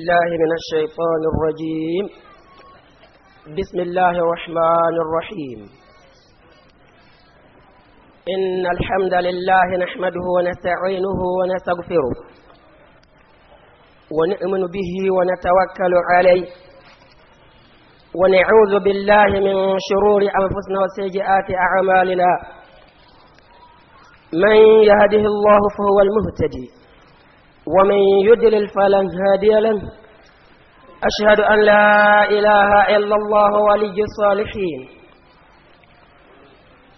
الله من الشيطان الرجيم بسم الله الرحمن الرحيم إن الحمد لله نحمده ونستعينه ونستغفره ونؤمن به ونتوكل عليه ونعوذ بالله من شرور أنفسنا وسيئات أعمالنا من يهده الله فهو المهتدي ومن يدلل فلن هادي له أشهد أن لا إله إلا الله ولي الصالحين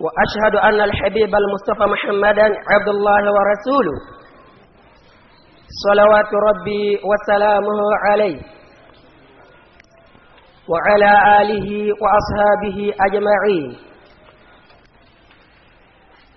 وأشهد أن الحبيب المصطفى محمدا عبد الله ورسوله صلوات ربي وسلامه عليه وعلى آله وأصحابه أجمعين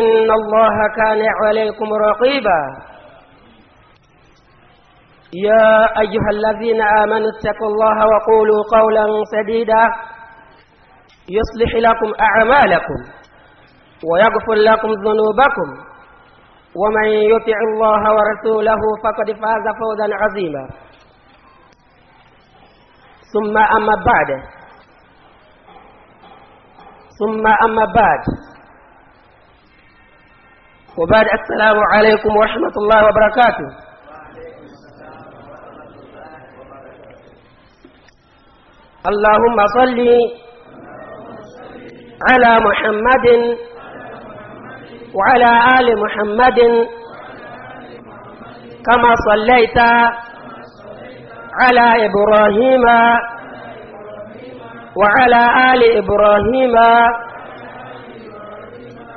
إن الله كان عليكم رقيبا يا أيها الذين آمنوا اتقوا الله وقولوا قولا سديدا يصلح لكم أعمالكم ويغفر لكم ذنوبكم ومن يطع الله ورسوله فقد فاز فوزا عظيما ثم أما بعد ثم أما بعد وبعد السلام عليكم ورحمة الله وبركاته اللهم صل على محمد وعلى آل محمد كما صليت على إبراهيم وعلى آل إبراهيم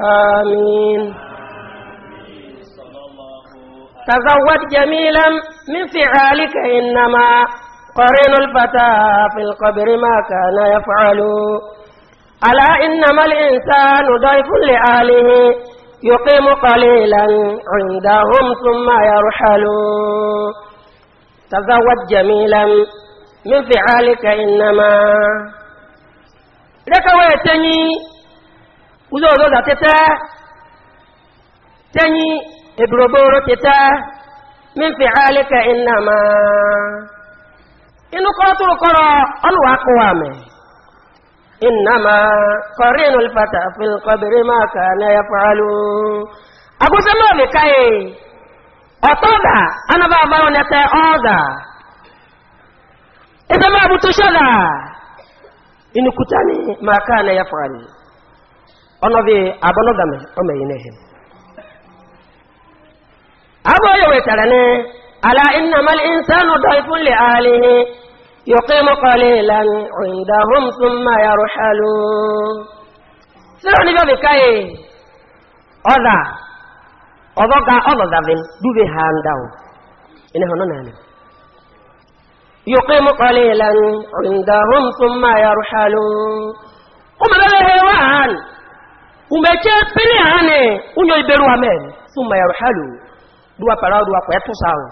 آمين تزود جميلا من فعالك إنما قرن الفتى في القبر ما كان يفعل ألا إنما الإنسان ضيف لأهله يقيم قليلا عندهم ثم يرحل تزود جميلا من فعالك إنما لك ويتني ụzọ ọzọ za tete tenyi eburoboro tete mefe alika inama ma kọrọtụrụ kọrọ ọnụwa akụwa ma inama kọrin ulfata fil kọbiri maka na ya falu agụsị mọ mi kaye ọtọda anaba abawo nete ọda ezebe abutu shada inukutani maka na ya falu ọnọdụ abọnọdame ọmọnyine him abọ yẹwò tẹrẹ ni ala inna mali insanu dọifun le alihi yọkẹmu kọlẹ lani ọyìnda hom sunma yaro xalu sọ̀rọ̀ níbẹ̀ bí káyé e, ọ̀dà ọ̀dọ́gà ọ̀dọ̀dàbẹ̀ dúbẹ̀ hàn dáwọ̀ ẹni hàn náà ni yọkẹmu kọlẹ lani ọyìnda hom sunma yaro xalu ọmọdé bẹ hẹ umeche pili hane unyo iberu amen ya summa yaruhalu duwa parao duwa kwetu sawe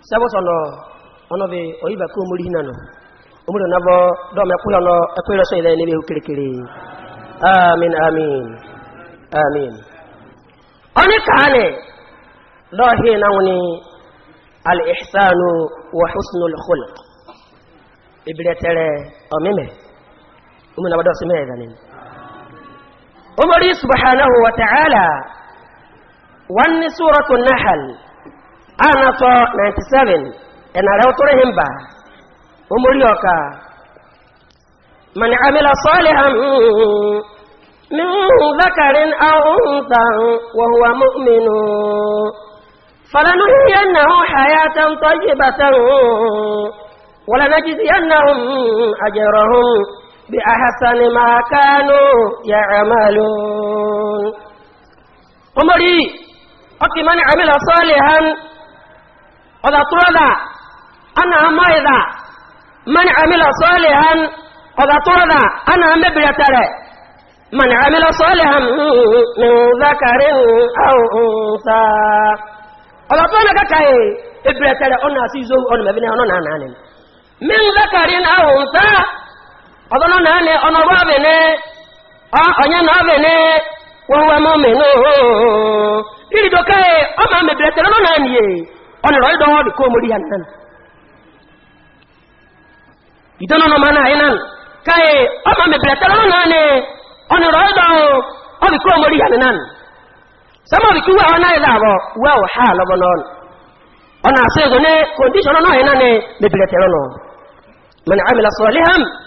sabo sono ono be oiba ko muri hinano omuri navo do me kuyo no akwero so ile nebe ukirikiri amin amin amin oni kane do he nawni al ihsanu wa husnul khulq ibretere omime umuna bado simeza nini عمر سبحانه وتعالى وأن سورة النحل أنا 97 أنا روترهم با عمر يوكا من عمل صالحا من ذكر أو أنثى وهو مؤمن فلنحيينه حياة طيبة ولنجزينهم أجرهم بأحسن ما كانوا يعملون عمري أكي من عمل صالحا ولا طردا أنا إذا، من عمل صالحا ولا طردا أنا مبرتر من عمل صالحا من ذكر أو أنثى ولا طردا كاي إبرتر أنا سيزو أنا مبني أنا نانا من ذكر أو أنثى ọ̀dọ́nà náà ni ọ̀nà ọba bẹ̀ ní ọ̀nyẹ́ náà bẹ̀ ní wọ́n wá mọ́ mi lóòó ìrì dọ́kẹ́ ọmọ mi bẹ̀rẹ̀ tẹ̀lé náà nìyẹ ọ̀nà ìrọ̀ ìdánwò bí kò mórí yàn náà ìdánwò náà máa náà yẹn náà káyé ọmọ mi bẹ̀rẹ̀ tẹ̀lé náà ni ọ̀nà ìrọ̀ ìdánwò bí kò mórí yàn náà sọ́mọ́ bí kí wọ́n náà yẹ láàbọ̀ wọ́n wọ̀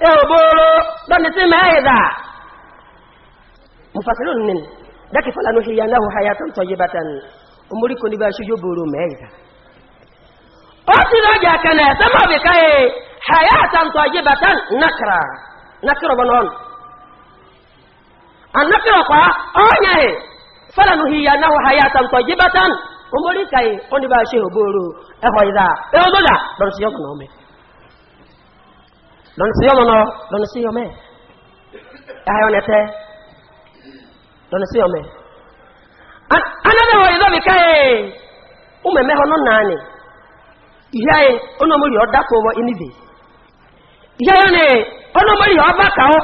ẹ̀rọ̀bọ̀rọ̀ lọ́nà tí mẹ́ẹ̀dà mufasirun ni dákì fọ́lánú hìyà náà hàyà tó ń tọ́ yé bàtà ní omori kò ní bá ṣojú bòrò mẹ́ẹ̀dà ó ti lọ́jà kẹnẹ̀ sẹ́mọ̀ bí káyé hàyà tó ń tọ́ yé bàtà nàkàrà nàkàrà bọ́nà ọ̀nà ànàkàrà pa ọ̀nyà ẹ̀ fọ́lánú hìyà lọ́nà sí ọmọ náà lọ́nà sí ọmọ ẹ̀ ẹ̀hà ọ̀nà ẹ̀tẹ́ lọ́nà sí ọmọ ẹ̀ anábẹ̀ wọ̀ ìdọ́bì káyẹ̀ ọmọ ẹ̀mẹ́họ náà náà ni ìyá ẹ̀ ọ̀nàmọ́rì ọ̀dá kò wọ inúbì ìyá ẹ̀ ni ọ̀nàmọ́rì ọba kàó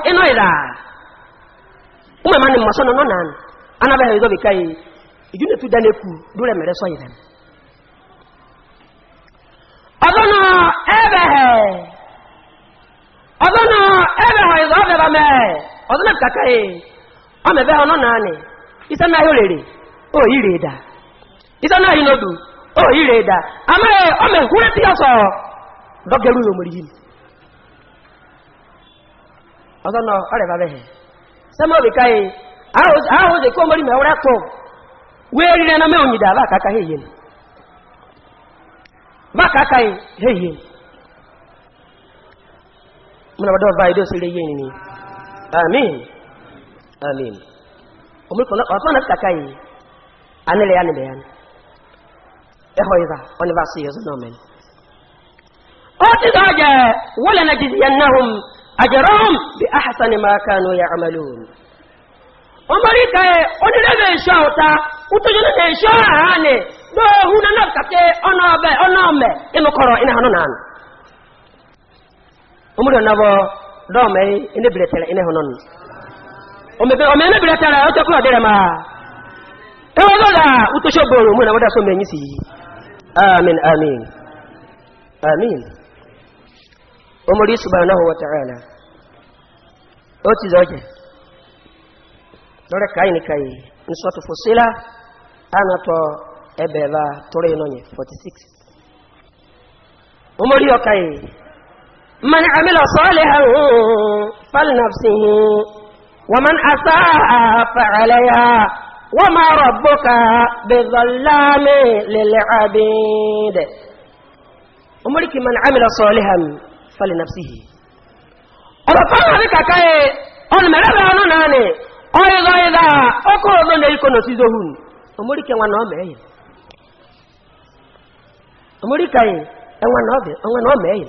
ọdụna ebe ha ịzụ ọbịara mee ọdụna kaka e ọ mebe ha naanị isa na ahụ rere o da isa na ahụ n'odu o da amaghị ọ mee hụrụ ti ya dọgeru ya omori ọdụna ọrịa ka e na mee muna wadda ba ido sire yi ni amin amin umul kono wa fana ka kai anele yani be yani e hoyda oni ba siyo no men o ti daje wala najziyannahum ajrahum bi ahsani ma kanu ya'malun omari kai oni rebe shauta utojo ne shauta ne do huna na kake ono be ono me ino koro ina hanu na omuri nabo dɔɔmɛ ene bile tɛrɛ ene hɔnɔn ɔmɛ ɔmɛ ene bile tɛrɛ ɔtɛ kura dɛrɛ ma ewa dɔda utoso boro mu na wada so mɛ nyisi amin amin amin omuri subhanahu wa ta'ala o ti zɔjɛ lɔrɛ kayi ni kayi nsɔtu fosila anatɔ ɛbɛba tɔrɔ yi nɔ nye forty six omuri yɔ kayi. من عمل صالحا فلنفسه ومن أساء فعليها وما ربك بظلام للعبيد أمرك من عمل صالحا فلنفسه ọ̀rọ̀kọ́rọ̀ ní kàkà ẹ̀ ọ̀nàmẹ́rẹ́rẹ́ ọ̀nà náà ni ọ̀yọ́ ìdá ọkọ̀ ọ̀nà ní ikọ̀ nà sízo hùn ọmọríkà wọn náà mẹ́yìn ọmọríkà ẹ̀ wọn náà mẹ́yìn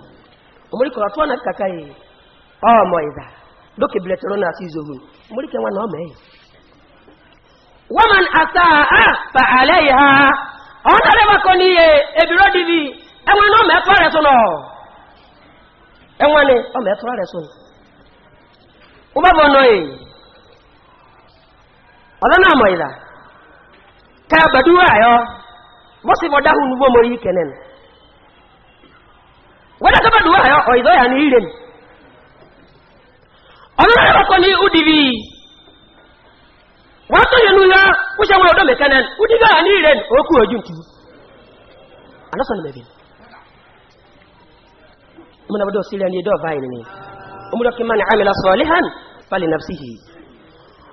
omori kọrọ tụọ na kaka yi ọmọ ịda dọkị biletoro na asị izohu omori kenwa na ọmọ eyi waman asa a fa ale yi ha ọ nara ebe n'ihe ebiro divi enwe na ọmọ ẹtọ rẹsọ nọ enwe ni ọmọ ẹtọ rẹsọ ụba bụ nọ yi ọdọ na ọmọ ịda ka abaduwa ayọ bọsibọdahụ n'ugbo kene ikenen wọ́n dẹ̀ sọ́kọ̀ dùwà yọ ọ̀yọ́ yà ní ire mi ọ̀nà yà wọ́kọ̀ ní udv wọ́n tó yẹnu yá ó ṣe wọn ọdọ́ mẹ́kẹ́ náà udv yà ní ire mi ojú ntú alásọ̀nù ni ọmọdé kí mani amila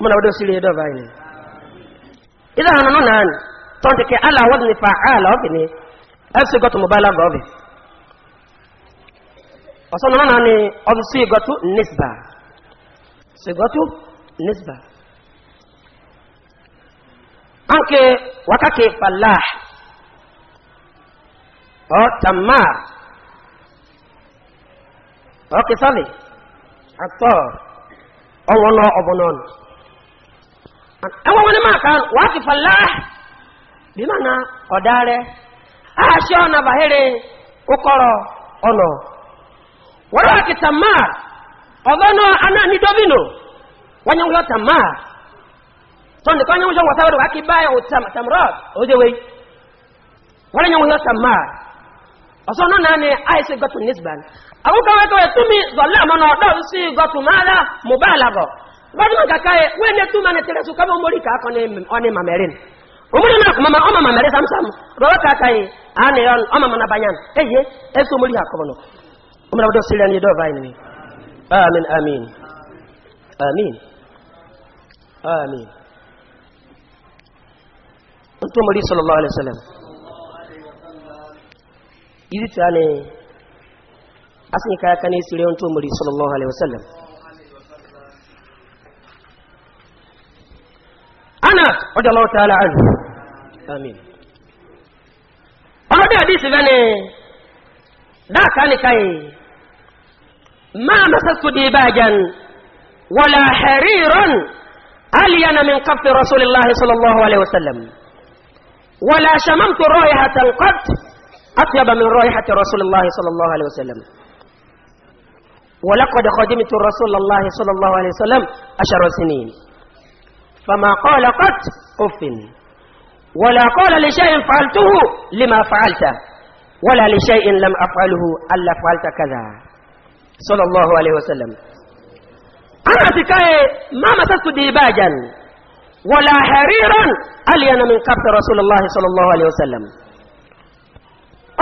muna wadda su redo ba ne idan hannun na ne ton take ala wadda fa'ala obi ne a su gotu mubala ba obi wasu na nị obi su gotu nisba su gotu nisba Anke ke Falah. ke fallah oh, o tamma o oh, kisali ator ẹwọ́n wọn ni máa kan wàá ti bí máa na ọ̀dá rẹ ọ̀nà bàhẹ́rẹ́ kókọ́rọ̀ ọ̀nà wọ́n lọ́wọ́ kì tàmá ọ̀gá náà aná ní dọ́bìnò wọ́n yẹn wọ́n tàmá tó nìkan yẹn wọ́n wọ́n tàwọn wákì wọ́n wọ́n náà ni àìsí gọ́tù nísbàn àwọn túnmí àmọ́nà ọ̀dọ́ sí gọ́tù bàbá kàkà yẹ wọ́n ẹni túmọ̀ ní tẹ̀lẹ́sù kọ́mọ mórí kàkọ́ ọ́nì màmẹ́rin òmùdí náà kọ́ ọmọ màmẹ́rin sàmsàmù bàbá kàkà yẹ àánì ọ̀n ọmọ mọ̀nà banyan ẹ̀yẹ ẹ̀sùn mórí àkọ́bọ̀ nọ ọmọdé wọ́n sílẹ̀ ní dọ́ọ̀bá ni amin amin amin amin ntọ́ mórí sọlọ́lá alẹ́ sẹlẹ̀m yìí a ní asìnkà kan ní ìsìlẹ̀ أنس رضي الله تعالى عنه آمين أنا دي حديث بني دا كان ما مسست ديباجا ولا حريرا ألين من قبض رسول الله صلى الله عليه وسلم ولا شممت رائحة قط أطيب من رائحة رسول الله صلى الله عليه وسلم ولقد خدمت رسول الله صلى الله عليه وسلم عشر سنين فما قال قط أف ولا قال لشيء فعلته لما فعلته ولا لشيء لم أفعله ألا فعلت كذا صلى الله عليه وسلم أنا تكاي ما مسست ديباجا ولا حريرا ألين من قبض رسول الله صلى الله عليه وسلم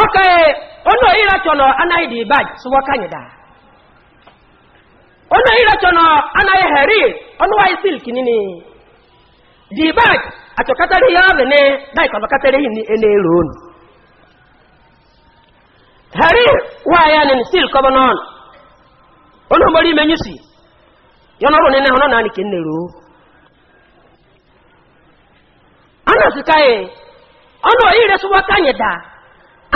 أوكي أنا إلى تونا أنا ديباج سوى كندا أنا إلى تونا أنا حرير أنا واي سلك نيني dibak achọkatara ihe ọrị ni daik ọbakatara ihe na-ere onu hari waya ni sil kọbọnọn onu mori ime nyusi yọnọ bụ nene hụnọ naanị ke nnere o ana sika ye ọnụ oyi resụwa kanye da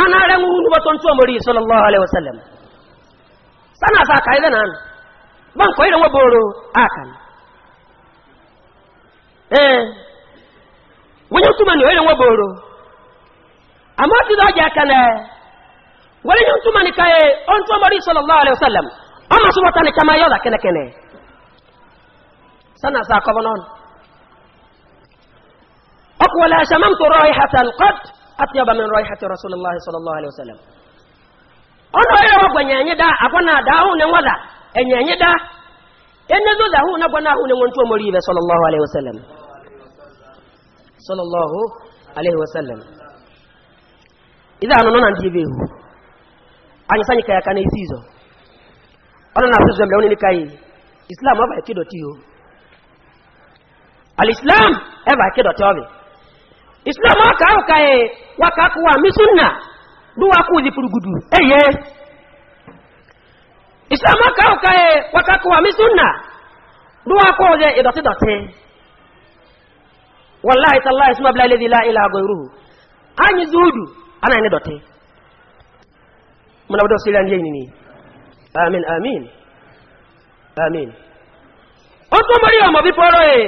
ana arenwu nubọtọ ntụ omori sallallahu alaihi wasallam sana fa ka ile na anụ ba nkọ ire nweboro aka Eh. onye ntụmanụ onye nweboro amasị na ọ ji aka na were ihe ntụmanụ ka ee ontu ọmọrị sọlọlọ alaihi wasallam ọ masị nwata kama ya ọda kenekene sana sa akọbọ n'ọnụ ọkụwala ashamamtu raihatan qad atyaba min raihati rasulillah sallallahu alaihi wasallam ọnụ onye ọgwanye anyị da agwa na ada ahụ na nwada enye anyị da enezo da hụ na gwana hụ ne nwantu omori ibe sallallahu alaihi wasallam sallallahu alaihi wasallam idan nọ na ndị hu anyị sanye ka ya ka na isi izo ọnụ na asụsụ emere onye kai islam ọba ekedọta ihu alislam eba ekedọta ọbị islam ọka ahụ ka ee waka akụwa misunna duwa akụ ụzipụrụ gudu eye islam aka ọka ẹ wakakọ wa misunna duwa kọ ọjẹ ìdọtidọti eh, wàláhi tàlá ìsúnmọ abúlé ilé ìlà ìlà àgọ ìrúhu anyi zuudu ana ní yẹn nìyí amin amin amin wọn tó mọrí ọmọ bí pọrọ ẹ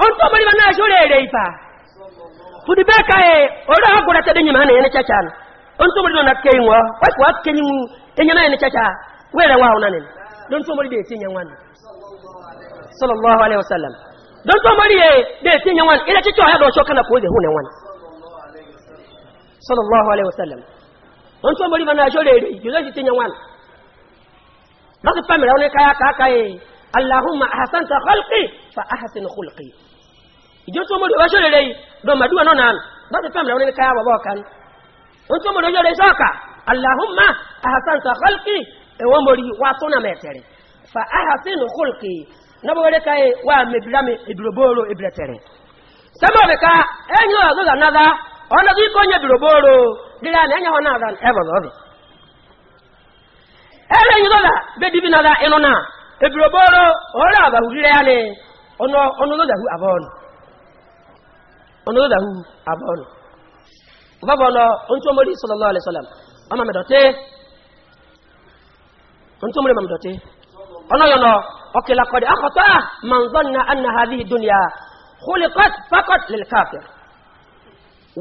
wọn tó mọrí wọn náà ṣó rẹ rẹ ìfà fúdi bẹẹ ká ẹ ọrọ àgọrẹ tẹdẹ enya naye ne chacha were wa ona nen don to mori de tinya wan sallallahu alaihi wasallam don to mori de tinya wan ila chicho ya do shoka na ko de hune wan sallallahu alaihi wasallam don to mori bana shore de yo zai tinya wan baka pamela one kaya ka allahumma ahsanta khalqi fa ahsin khulqi ijo to mori wa shore de do maduwa nona baka pamela one kaya baba kan don to mori shore soka allahumma ahasanta khalqi ewo mori wa suna metere fa ahasinu khulqi nabo wele e wa mebirami eduroboro ebretere sama be ka enyo azu da nada ona gi konya duroboro dira na enyo na da ebo do ele enyo da be dibi na da eno na eduroboro ora ba hurire ani ono ono do da hu abon ono do da hu abon baba no onto mori sallallahu alaihi wasallam ọmọ mẹ́dọ̀tẹ́ ntúmùrẹ́ mẹ́dọ̀tẹ́ ọ̀nàyọ̀nà ọ̀kẹ́lẹ́kọ̀dẹ́ akọ̀tọ́ manzọ́nà anahadi dunya khulikat fakot lilkafir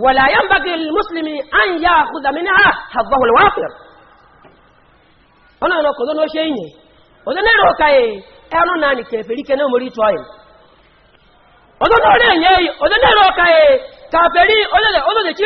wàlá yẹn bàgì mùsùlùmí an yà kùdàmínà hàbọ̀hùl wáfir ọ̀nàyọ̀nà kò lónà ó ṣe yìnyín ọ̀dọ́ náà rọ̀ káyé ẹnu náà ni kẹfẹ́rí kẹ́ náà mórí tọ́ yìí ọ̀dọ́ náà rẹ̀ yẹn ọ̀dọ́ náà rọ̀ káyé kàfẹ́rí ọlọ́dẹ̀ ọlọ́dẹ̀ tí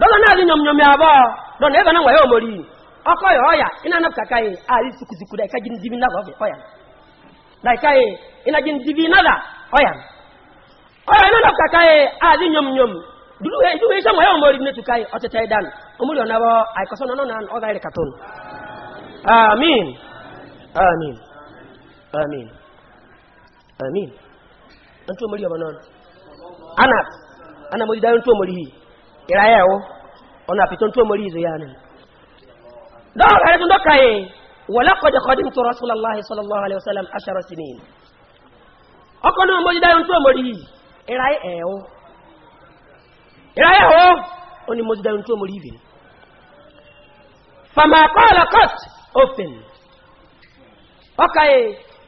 dɔba naa bi nyɔmnyɔm yaabɔ dɔn ne omori ɔkɔ yɛ ɔya ina na kaka ye a sukusuku da ika jin dibi na lɔfi ɔya na ika ye ina jin dibi na da ɔya ɔya ina na kaka ye a nyɔmnyɔm dudu dudu sɛ omori ne tuka ye ɔtɛtɛ dan omori ɔna bɔ na ɔda yɛrɛ ka amin amin amin amin omori bɔ nɔn ana ana mori da omori yi. ìráyà ẹ̀wọ́ ọ̀nà àfitún tó mọ̀rí ìzòyà nù dọ́wọ́ rẹ̀ tó dọ́kà yìí wọ́n lákọ̀jẹ̀ sallallahu Alaihi Wasallam sallam aṣara sinin ọkọ̀ ní ọmọ jídá yóò tó mọ̀rí ìráyà ẹ̀wọ́ ìráyà ẹ̀wọ́ ó ní mọ̀jídá fama court open ọkà yìí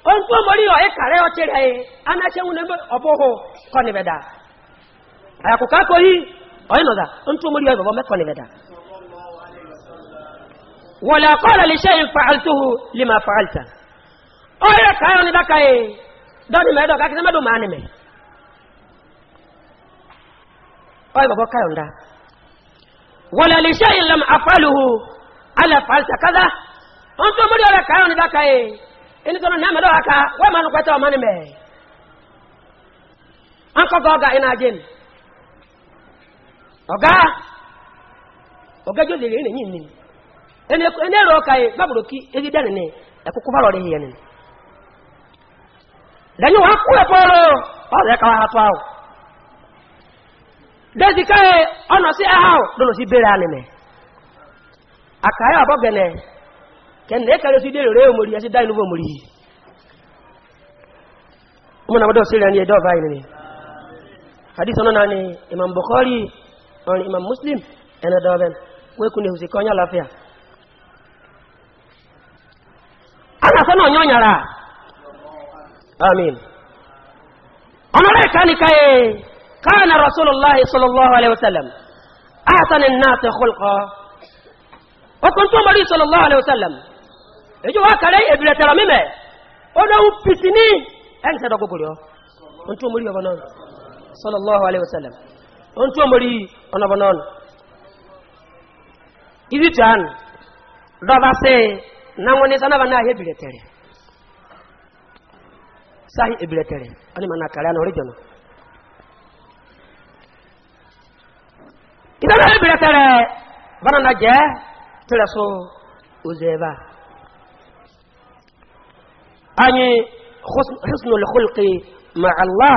ó ń tó mọ̀rí ọ̀ ẹ̀kàrẹ́ ọ̀tẹ̀rẹ̀ yìí anáṣẹ́wọ̀n ọ̀bọ̀họ̀ ọ̀yìn ọ̀dà ń tó mórí ọ̀bọ̀bọ̀ mẹ́kọ̀ nílẹ̀ dà wọ̀lẹ̀ àkọọ́lẹ̀ lè ṣe ìfààlùtòhù lè máa fààlùtà ọ̀yẹ̀ káyọ̀ ní dáka yìí dọ́ni mẹ́dọ̀ kákìtì mẹ́dọ̀ máa nìmẹ̀ ọ̀yẹ̀ bọ̀bọ̀ káyọ̀ ńdá wọ̀lẹ̀ lè ṣe ìlàm àfààlùhù alẹ̀ fààlùtà kádà ń tó mórí ọ̀rẹ̀ káyọ̀ ní dáka yìí ẹni tó náà mẹ́dọ̀ wá ká wọ́n máa nù pẹ́tẹ́ ọmọ ọ̀gá ọ̀gájọ́ lè rẹ̀ yìí ni ẹni ẹ̀rọ ọkà yìí gbàgbọ́dọ̀ kí ebi dẹ́rẹ̀ ni ẹ̀kúkú bá rọrẹ̀ yẹn ni lẹ́yìn wọn kú ẹ̀kọ́ ọ̀rọ̀ ọ̀rọ̀ ẹ̀ka wa tó àwọ̀ dẹ́sí káyẹ ọ̀nà sí ahàw lọ́nà sí bẹ̀rẹ̀ ànìmẹ̀ àkàyọ̀ àbọ̀gẹ̀nẹ̀ kẹ́ni ẹ̀kẹ́rẹ́ sí dèrè rẹ̀ òmòrì ẹ̀sí dá inú òmòrì yìí ọmọ náà mọ́dọ̀ on imam muslim ene doben we kune husi konya lafia ana sana onyonya la amin onore kani kae kana rasulullah sallallahu alaihi wasallam ahsan an-nas khulqa wa kuntu mari sallallahu alaihi wasallam ejo wa kare ebire tara mime odo pitini en se do gogoro ontu mari obo non sallallahu alaihi wasallam on tuwa mori ona bonon ibi tan dọba se na wani sanaba na ahịa ebiretere sahi ebiretere ani mana kare na orijono idan ahịa ebiretere bana na je tere so oze ebe a anyị husnul khulqi ma allah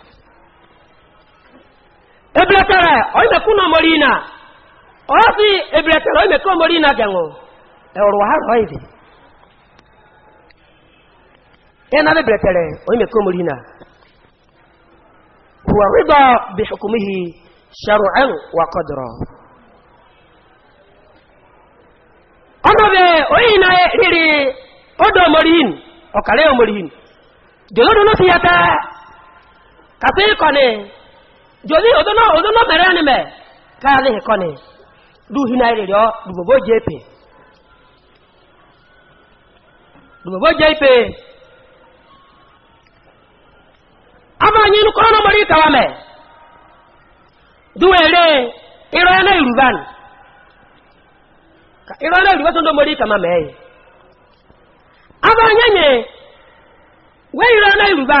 ebiretara oimeku e e na morina ozi ebiretara oimeku morina gango ẹwọrọ ha rọ ibi ẹna ebiretara oimeku morina huwa riba bi hukumihi sharu'an wa qadra ọdọ bẹ oyin na riri ọdọ morin ọkàrẹ morin jọlọdọ ló ti yàtà kàfé kọ́ni. jòdì òdónà òdónà bẹ̀rẹ̀ ni mẹ́ káàdì ìkọ́ ni dùhìnà ìrìrìọ́ dùbòbò jẹ́ ìpè dùbòbò jẹ́ ìpè abáyé inú kọ́nà mọ́rí ìkàwà mẹ́ dùwẹ̀rẹ̀ ìrọ̀ ịrọ ìrùbá ni ìrọ̀ ẹ̀nà ìrùbá tó ń dó mọ́rí ìkàmà mẹ́ yìí abáyé yẹn wẹ́ ìrọ̀ ẹ̀nà ìrùbá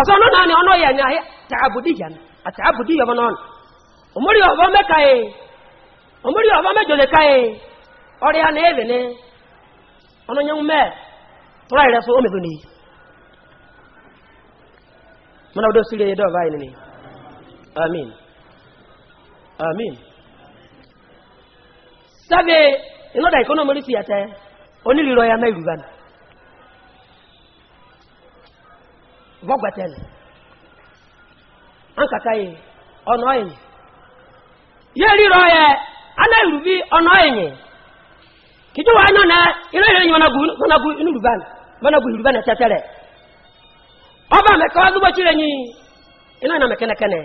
ọsọ ọnụ naanị ọnụ ya nya ahịa taabudi ya na ataabudi ya ọbụna ọnụ omori ọbọ meka ye omori ọbọ mejole ka ye ọrịa na ebe ne ọnụ nye mme tụrụ ayịrị so o mebe n'iyi mana odo siri ya dọba anyị nini amin amin sabe inoda ikonomori fiyata oniliro ya na iruba na gwagwaten an kaka yi ọ̀nà ẹ̀yìn yóò ríro ẹ̀ aláìrùbí ọ̀nà ẹ̀yìn kìjú wa náà ilé ìrìn mọ́nàgù inú rùbán mọ́nàgù rùbán ẹ̀ tẹ́tẹ́rẹ̀ ọba mẹ́kọ́ agbóbọ́tí rẹ̀ yìí iná ìnà mẹ́kẹ́nẹ́kẹ́nẹ́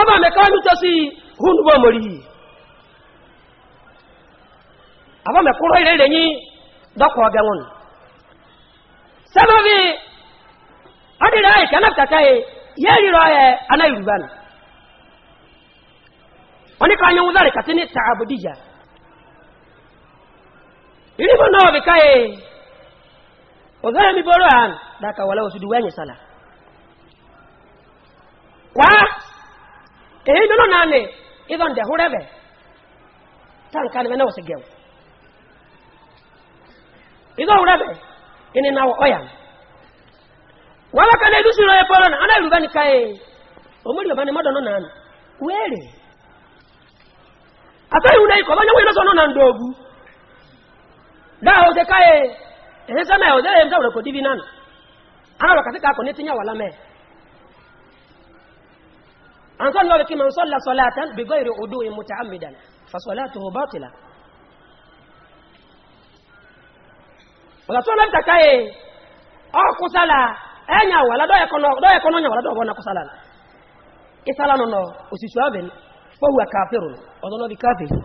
ọba mẹ́kọ́ nítọ́sí hún bọ́ mọ̀rí yìí àbọ̀mẹ́kúrọ̀ ìrẹ̀ yìí dọ́kọ̀ ọgẹ́wọ̀n sababi adira ayi kana kaka ye yeri rɔ yɛ ana yoruba na wani kan yɛn wuzari kati ni taabudija yiribu náà bi ka ye ozɔyɛ mi boro yan daka wala wasu duwa nyɛ sala wa eyi nono naani idɔn dɛ hore bɛ tan kan bɛ na wasu ini na oya oh wala kana dusiro e polona ana rubani kae omuli obane madono nana were atai unai ko banya wino sono nandogu da o de kae ehe sama o de e msa ko divi nana ana lo katika ko netinya wala me an sallu kima salla salatan bi ghairi udu'in muta'ammidan fa salatuhu batila wakasoma mtakaye okusala enyawa doyekono nyawa dogona kusala isala nono usiswaben fahuwa kafirun odono bikafiri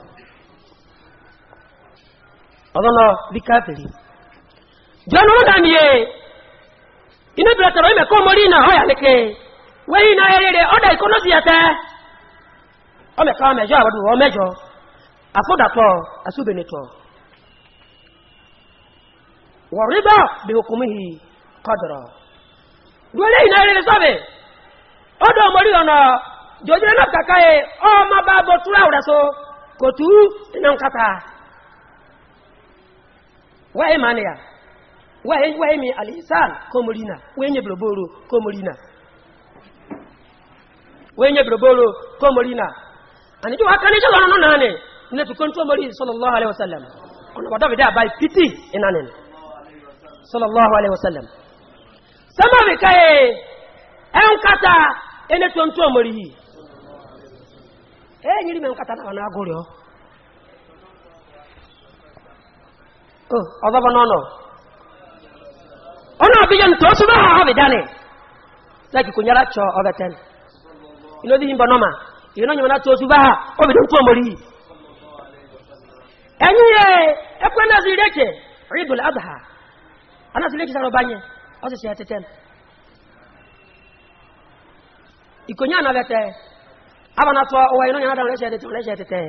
odono bikafiri jono rodaniye ine bilataro ime komorina hoyanike weyina erere oda ikono siyate omekawa mejo abadu omejo afodatɔ asubene tɔ wọ̀rídà bí hukumihi kọ́dọ̀rọ̀ duwele yìí náà rere sọ́bẹ̀ ọdọ̀ mọ̀rí ọ̀nà jòjìlẹ̀ náà kàkà yẹ ọmọ bá bọ̀ túra so kò tú iná nkata wáyé e mania wáyé e, wáyé e mi alisan kọmọrina nye bòròbòrò kọmọrina wáyé nye náà ni sallallahu alaihi wasallam sama bi kaye en kata ene tonto mori hi e nyiri men kata na na gorio o odo bono no ona bi jan to so ha bi dane laki kunyara cho obeten ino di himba noma ino nyona to so ba ha o don to mori hi enyi e ekwe na zireke idul adha anasile kisaro banye osisi etete ikonya na lete aba na twa owa inonya na da leshe etete leshe etete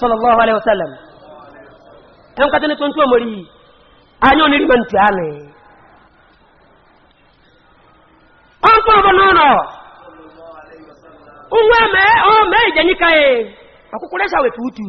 sallallahu alaihi wasallam en katene tontu mori anyo ni riban tiane on ko bono no unwe me o me jenika e akukulesha wetutu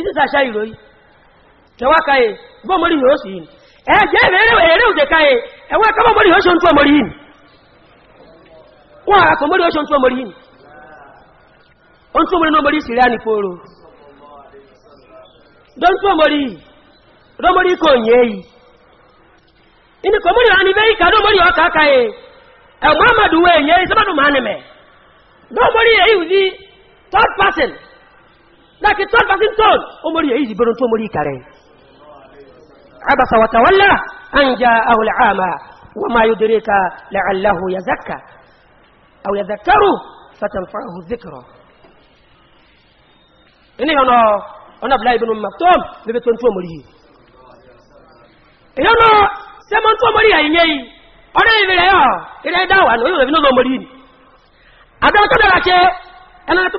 ìdíta ṣá ìròyìn kẹwàá káyè bọ́ mọ́rí yóò sì yìí ẹ̀jẹ́ èrè òjè káyè ẹ̀wọ́n ẹ̀kọ́ bọ́ mọ́rí yóò ṣe ń tún ọmọrí yìí wọ́n àkọ́ mọ́rí yóò ṣe ń tún ọmọrí yìí ó ń tún ọmọrí ọmọrí sì rí àníkóró don tún ọmọrí rọmọrí kò yẹ yìí inú kò mọ́rí rani bẹ́yì ká rọmọrí ọkà káyè ẹ̀wọ́n amadu wẹ̀ yẹ sábàdùn mọ́ láti tọ́lù pàṣín tọ́lù ó mọ́rí èyí ìbẹ̀rún tó mọ́rí ìkàrẹ̀ abasa watawalla an ja ahul ama wa ma yudire ka la'allahu ya zakka aw ya zakkaru fatan fa'ahu zikra ini yana ona bla ibn maktum bebe ton to mori yana se mon to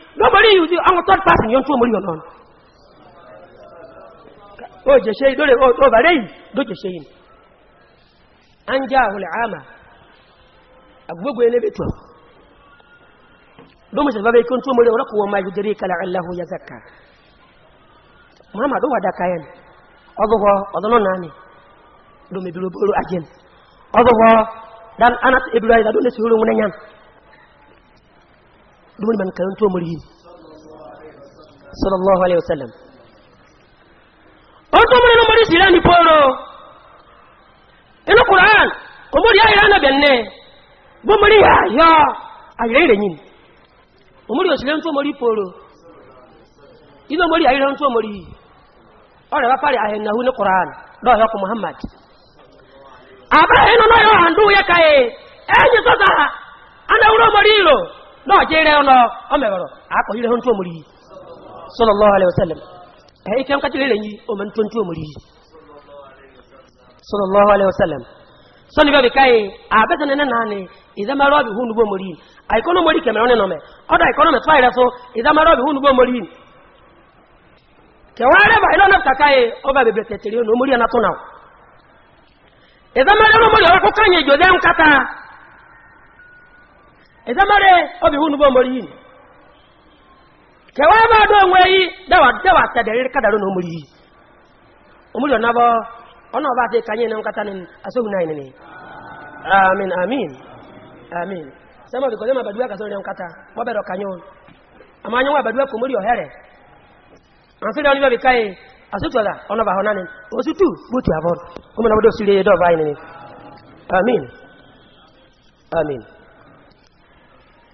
nobody use it àwọn third person yóò tún omori ọ̀nà ó jẹ ṣe ìdóre ọ̀bàrẹ́ yìí ló jẹ ṣe yìí a ń já àhùlẹ̀ àmà agbógbó ilé bẹ̀tọ̀ ló mọ̀ sẹ̀fẹ́ kí ó tún omori ọ̀rọ̀kọ̀ wọn máa yìí kala aláhù ya zaka muhammadu wàdá kayan ọgbọ̀gbọ̀ ọ̀dọ́nà náà ni lómi dúró bóró ajẹ́ ọgbọ̀gbọ̀ dan anat ibrahim adó lè sùúrù wọn dumuni man kan to muri sallallahu alaihi wasallam on to muri no muri sirani poro ino qur'an ko muri ya irana benne bo muri ya ya ayire yin o muri o silen to muri poro ino muri ayire to muri ore ba pare ahennahu ni qur'an do ya ko muhammad aba eno no yo andu ya kae enyi sasa ana uro moriro náà jẹ́ rẹ̀ ọ̀nà ọmọ àkọ̀yí rẹ̀ tó mọ̀rí sọ́lọ́lọ́wọ́ alẹ́wọ̀sẹ́lẹ̀m ẹ̀yí kí wọ́n kájí rẹ̀ yìí ọmọ tó tó mọ̀rí sọ́lọ́lọ́wọ́ alẹ́wọ̀sẹ́lẹ̀m sọ́ni bẹ́ẹ̀ káyé àbẹ́sẹ̀ nínú ni ìdámẹ́rọ́bì hún gbó mọ̀rí àìkọ́nà na kẹmẹ̀rún nínú mẹ́ ọ̀dà ìkọ́nà mẹ́fà rẹ̀ fún ìdámẹ́rọ́bì hún gbó mọ̀rí kẹwàá rẹ̀ ezamare obi hunu bo mori yin kewa do nwe dawa dawa tadere kadaro no mori yi omuri ona bo ona ba te kanye na nkata ni aso huna ni ni amin amin sama bi ko badua ka ni nkata mo be kanyo ama wa badua ko mori ohere ansi oni ba bi kai aso ona ba hona osutu butu avon kuma na bodo sire do ba ni ni amin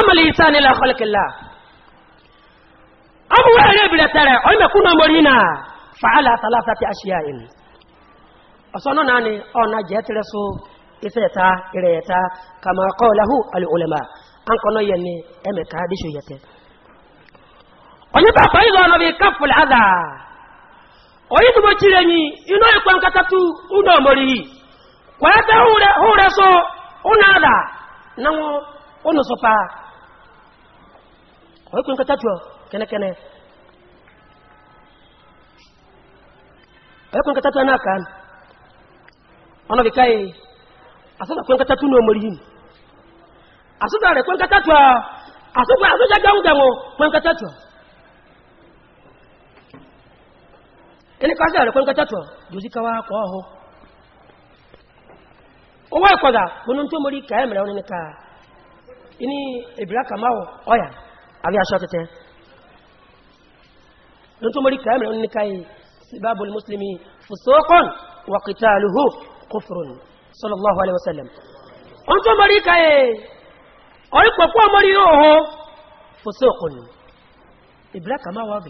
ama lisan ila khalqillah abu wahre bi latare o me kuno morina fa ala thalathati ashiya'in osono nani ona so kama an e me kadishu yete ba bi wọ́n kún kẹta tíọ kẹ́nẹ́kẹ́nẹ́ wọ́n kún kẹta tíọ náà kàn ọ̀nà bí káyé asọ́nà kún kẹta tíọ ní ọmọ yìí asọ́nà rẹ̀ kún kẹta tíọ asọ́nà asọ́jà gángangọ́ kún kẹta tíọ ẹni kọ́ asọ́nà rẹ̀ kún ini ibraka mawo oya àbí aṣọ tẹ́tẹ́ ló tó mọ́rí kàámìrì ní káyí síbábò musulmi fùsókàn wà kìtà alùhù kófùrùn sallallahu alaihi wasallam o mọ́rí káyí orí pọ̀pọ̀ mọ́rí ọ̀họ́ fùsókàn ìbìláka máa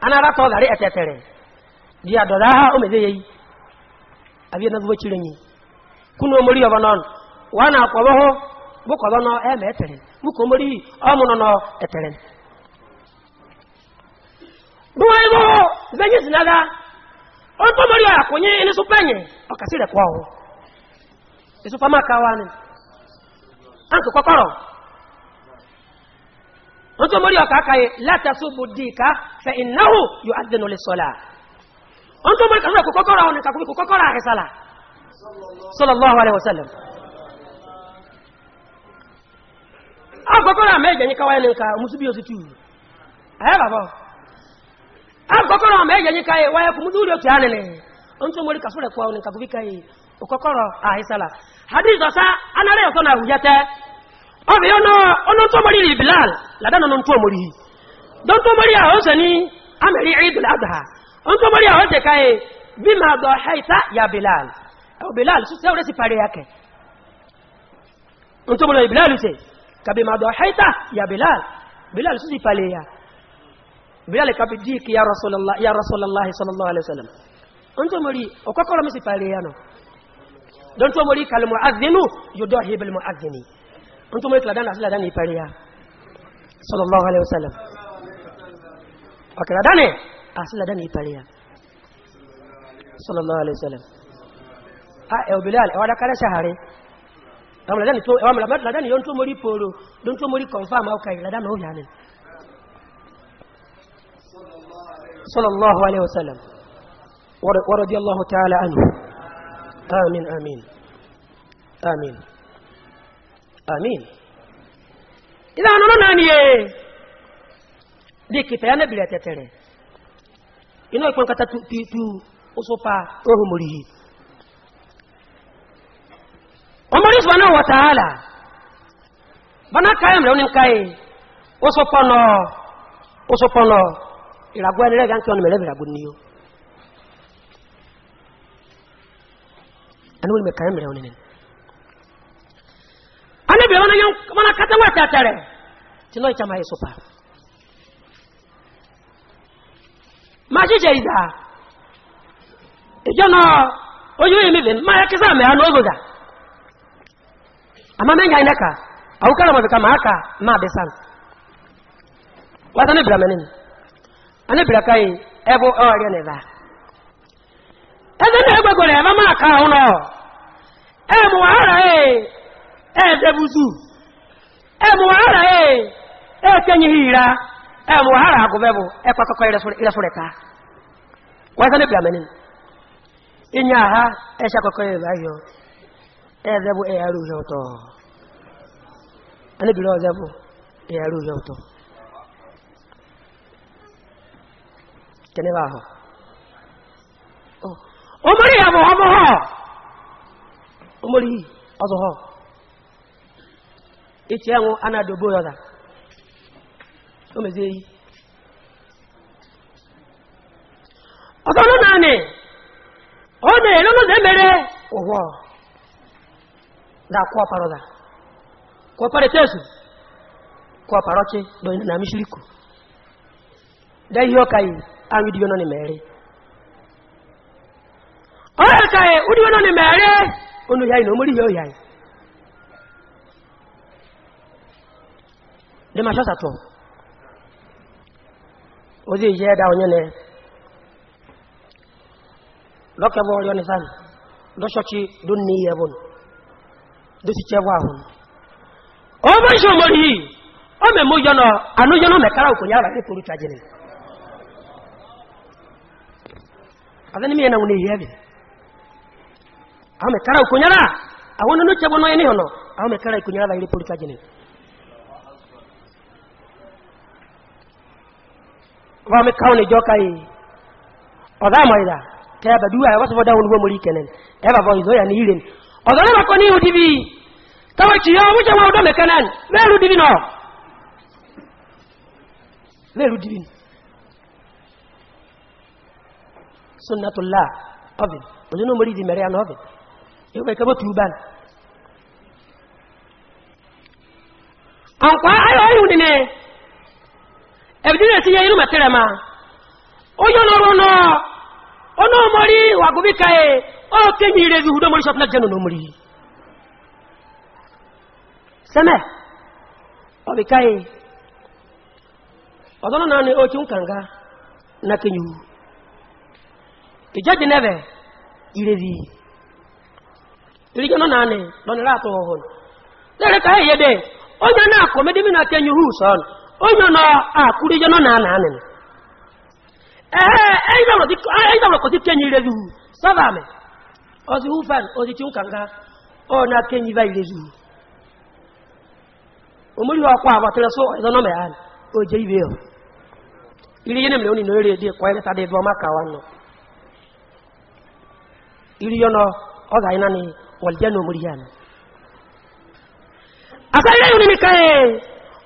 anara to gari etetere dia do daha o meze yi abi na zuwa cirenyi kuno mori yoba non wana akobo ho buko ba no e metere buko mori omuno no etere duwa ibo zenye zinaga o to mori akunye ni supenye o kasire kwa ho isu pamaka wani anko kokoro wọ́n tó mọ́rí ọ̀ká káyẹ látàṣubù dìíká fẹ ìnáwó yóò adẹnu lè sọ́lá wọ́n tó mọ́rí kàkúrẹ́ kòkòrò àwọn ìkàkúrẹ́ kòkòrò àrẹsàlá sọlọ́lọ́hu alẹ́ wasalẹ̀ akọkọrọ àmì ẹ̀jẹ̀ káwáyé nìka musubi yóò ti tu ayé bàbá akọkọrọ àmì ẹ̀jẹ̀ yín káyẹ wáyé kò musubi yóò ti hàn nìyẹn wọ́n tó mọ́rí kàkúrẹ́ kòkòrò àrẹsàlá hadith ọbẹ̀ yọ náà ọ̀nà tó mọ̀rí rí bilal ládánà ọ̀nà tó mọ̀rí don tó mọ̀rí àwọn ọ̀sẹ̀ ní amẹ̀rí ìdùn àdàá ọ̀nà tó mọ̀rí àwọn ọ̀sẹ̀ káyẹ bí máa dọ̀ ṣáìtà ya bilal ẹ̀wọ̀ bilal sọ́sẹ́ ọ̀rẹ́ sì parí bilal sẹ́ kàbí ya bilal bilal parí ya bilal kàbí sallallahu alaihi wasallam ọ̀nà tó mọ̀rí ọ̀kọ́kọ́rọ̀ mi sì ya nọ don tó mọ̀rí kalmọ̀ azinu yóò dọ̀ hibil mọ̀ azini انتم مثل دان اصل دان يبريا صلى الله عليه وسلم اوكي دان اصل دان يبريا صلى الله عليه وسلم ها يا بلال هو ذكر شهري ام لدان تو ام لدان لدان ينتو مري بورو دون تو مري كونفيرم اوكي لدان هو يعني صلى الله عليه وسلم ورضي الله تعالى عنه امين امين امين amin ila no na ni e de ki pe na bi tetere ino ipon kata tu tu o so pa o ho mori omori subhanahu wa ta'ala bana kayam le onim kai o so pono o so pono iragwa ni re gan ki mele iragwa ni yo anu me kayam le onim ana bi wana yon mana kata wata tilo sopa ma je je ida ejono oyo emi ben ma yakisa me anu ogoga ama menga inaka au maaka ma besan wata ne bra menin ka bra kai ebo ore ne ba ebe ne egwegore ma emu ara eh ẹ̀ẹ́dẹ́bùsù ẹ̀mùhárà ẹ̀ ẹ̀ẹ́kẹ́yìn ìrà ẹ̀mùhárà agùnbẹ́bù ẹ̀pàkọ́kọ́ ìrẹsùrẹ̀ká wáṣẹ́lẹ̀ bìàmẹ́ni inyà ha ẹ̀ṣàkọ́kọ́ ìrẹ̀báyọ ẹ̀ẹ́dẹ́bù ẹ̀yàrú yọ̀ọ̀tọ̀ bụ echi enwụ a na-adobo ya ọda o mezie eyi ọtọrọ naanị ọ na-ere na emere ụgwọ da kwọ ọpara ọda kwọ tesu kwọ ọpara ọchị dọnyere na mishiriku da ihe ọka yi anwụ diyo nọ n'ime ọ ya ka yi udiyo nọ n'ime ere onu ya yi na omori ya oyi anyị lè máa ṣọ́sàtọ̀ o sì yẹ ẹ̀dà onye lẹ́ẹ̀ lọ́kẹ́bọ̀ ọ̀rẹ́ onísàn lọ́ṣọ́kí ló ní ẹ̀bùn ló sì jẹ́wọ́ àwọn ọmọ iṣẹ́ ọmọ yìí ọ mẹ́mọ́ yọ́nà anúyọ́nà mẹ́kàrà òkú yára ní torí tàjẹ́ rẹ̀ wami kawne jokai odama ida kaya ba duwa wasu fa dawul gomuri kenen e ba boy zoya ni irin odana ba koni udibi tawa ci yo mu jama odame kanan melu dibi no melu dibi sunnatullah ovin odana muri di mere an ovin yo be kabo tuban an kwa ayo ayo ne ebidire si ye iru metere ma onye nọrọ ono ọnụ omori ka e oke nyere ezi hudo omori shọpụla jenu n'omori seme ọbi ka e ọzọ nọ naanị oche nkanga na kenyu ijeji nebe irezi irige nọ naanị lọnyere atọ ọhụrụ lere ka e yede onye na-akọ medimi na kenyu hus ọnụ onye nọ akwụrụ ije nọ na ana anị ee ẹyịdà wọ̀rọ̀kọ̀ sí kẹ́yìn ìrẹ́zùhù sọ́bà mẹ́ ọzí húfàn ọzí tí ó kànga ọ̀nà kẹ́yìn iri yẹn mìíràn nínú eré díẹ̀ kọ́ẹ́rẹ́ sáde ẹ̀dùn iri yọnà ọ̀gá iná ni wọ̀lìjẹ́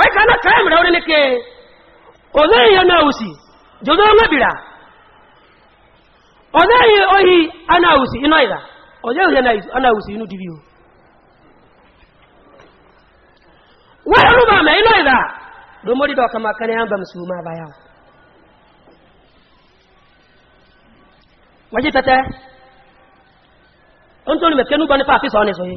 ọ̀yí kaná káyàmù rẹ̀ orí ní ké ọ̀dọ́ èèyàn náà òsì jòdó ọmọbìnrin ọ̀dọ́ èèyàn oyi anáwòsì iná ìdá ọ̀dọ́ èèyàn anáwòsì inú dìbí o wọ́n ẹrú bá mẹ́ iná ìdá lomori da ọkà ya ba musu ni mekenu ba ni fa fi so ne so yi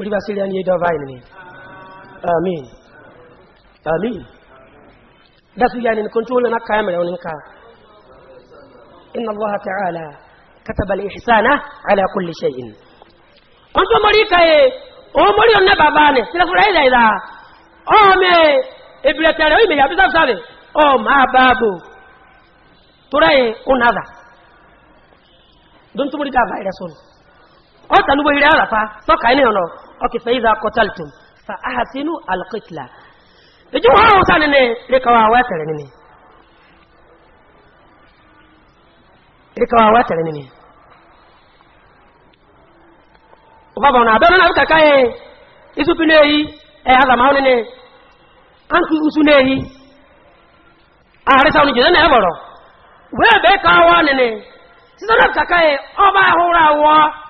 uliwasilianie dovaini amin amin dasu yani kontole na kamera oninka inna allaha ta'ala kataba al-ihsana ala kulli shay'in onto morika e o mori onna babane sira fura ida ida o me ebile tare o me ya bisa sabe o ma babu turaye unaza don tumuri ka virus on ọta lugbo arafa sọka ilé ọ̀nà ọkì fẹ́ ìzà kọtàlìtùm fa ahasinu alkitla ìjú wọn ọ̀hún sáà nínú ríkọwà àwọn ẹ̀tẹ̀rẹ̀ nínú ríkọwà àwọn ẹ̀tẹ̀rẹ̀ nínú na abẹ́rẹ́ náà kàkà yẹn isupi n'eyi ẹ̀ azàmáwọn usu n'eyi kàkà ọba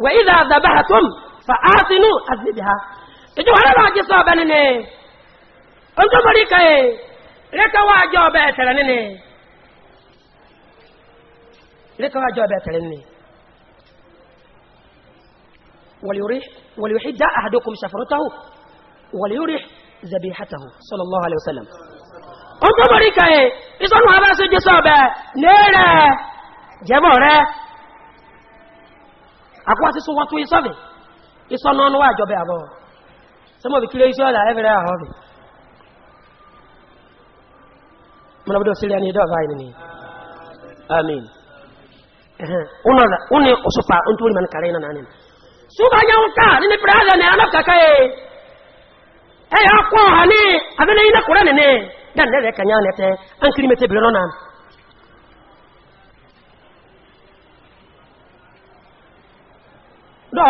وإذا ذبحتم فآثنوا الذبحة إجو هلا واجي صوبة نيني أنتم مريكا لكا واجو بيتر نيني لكا واجو بيتر نيني وليريح وليحد أحدكم شفرته وليريح ذبيحته صلى الله عليه وسلم أنتم مريكا إذا ما هذا سجي صوبة نيني جمعوا akwasi so watu isobe iso no no ajobe abo se mo bikire iso la evere aho bi mona bodo sile ani do vai ni amin eh uno la uni usupa untuli man karena nanen suba nyanka ni brother ne anaka kai eh akwa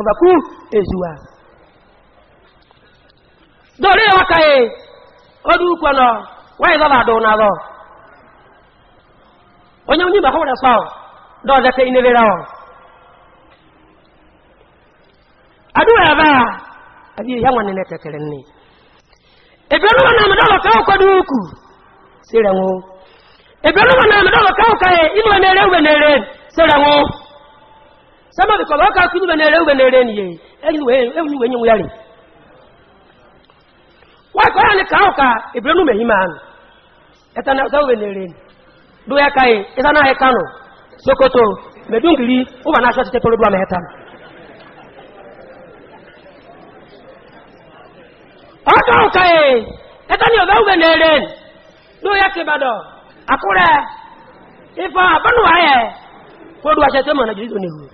ọ̀bàkú èzùwà dọ̀rí ọkàyè ọdúnkọ̀nà wáyé lọ́la àdùn àlọ́ onye onye ìbàkọ́ rẹ̀ sọ dọ̀ọ̀dẹ́tẹ̀ inérera ọ̀ àdúrà ẹ̀bá àbí ìyá wọn nílẹ̀ tẹ̀tẹ̀rẹ̀ ní ẹ̀bí olúwa náà mi dọ̀lọ̀ káwọ̀ kọ́ dúnkù sí rẹ̀ wọn sẹ́mọ̀ bí kọ̀lọ́ káàkiri ní wẹ̀nẹ̀rẹ̀ wẹ̀nẹ̀rẹ̀ nìyẹn ẹ̀yìn wẹ̀nyẹ̀ wọ́n wọ́n kọ́ yàní káàkà ìbìrínú mẹ̀yìn máa nù ẹ̀tàn wẹ̀nẹ̀rẹ̀ lóyá káyẹ ìtàn náà ẹ̀kánù sokoto mẹ̀dúngìrí ó náà ṣọ́ ní ọ̀dọ́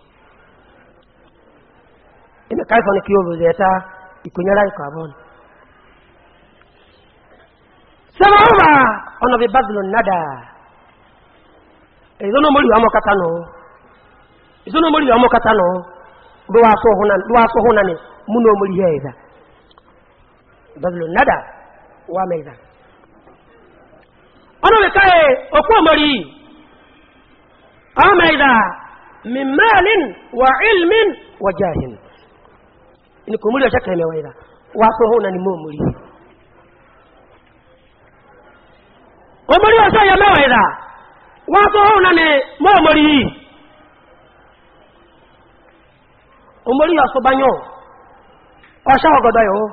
imefanikiwa kuzileta ikunyara iko abona sema oba ono bibadhilo nada ezono moli wamo katano ezono moli wamo katano duwaso hunani duwaso hunani muno moli heiza badhilo nada wameiza ono bikae okuwa moli ameiza min malin wa ilmin wa jahin ni kò múlò ṣẹ́kẹ̀ ẹ̀mẹ̀wọ̀ ìrà wá tó hún náà ni mọ́ múrí o múrí ọ̀ṣẹ́ yẹ mẹ́wọ̀ ìrà wá tó hún náà ni mọ́ múrí yìí o múrí ọ̀ṣọ́ bá yàn ọ̀ṣẹ́ ọ̀gọ́dọ̀ yòó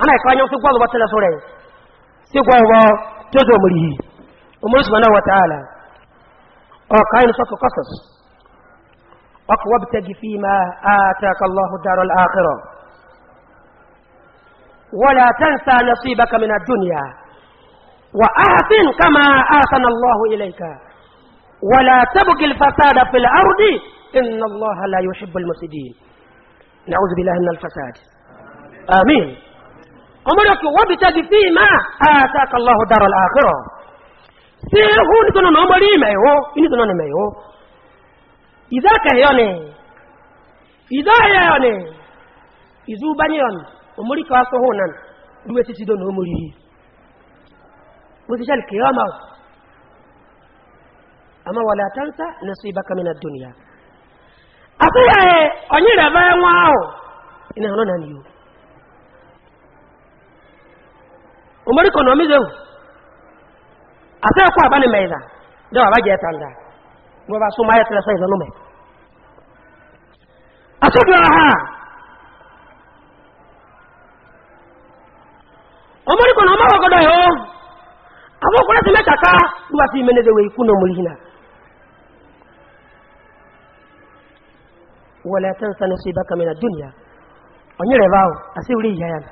ana ẹ̀kọ́ yàn sí gbọ́dọ̀ bá tẹ́lẹ̀ ọkọ̀ wọ́n bí tẹ́gì fíìmà àtàkọ́ lọ́hùn ولا تنسى نصيبك من الدنيا وأحسن كما أحسن الله إليك ولا تبق الفساد في الأرض إن الله لا يحب المفسدين نعوذ بالله من الفساد آمين أمرك وابتغ فيما آتاك الله دار الآخرة سيهو نتنون أمري ميهو نتنون ميهو إذا كهيوني إذا يهيوني إذا بنيوني omori ka so ho nan duwe titi do no omori yi mo ti shal kiyama ama wala tansa nasibaka min ad-dunya afi eh onyi ra ba nwa o ina hono nan yo omori ko no mi zo afi ko abani meiza do wa je tanda mo ba so ma ya tra sai tuwasi meneze wey kuno mulhina wala tansa nasibaka min ad-dunya onyere bawo asiwuri yayan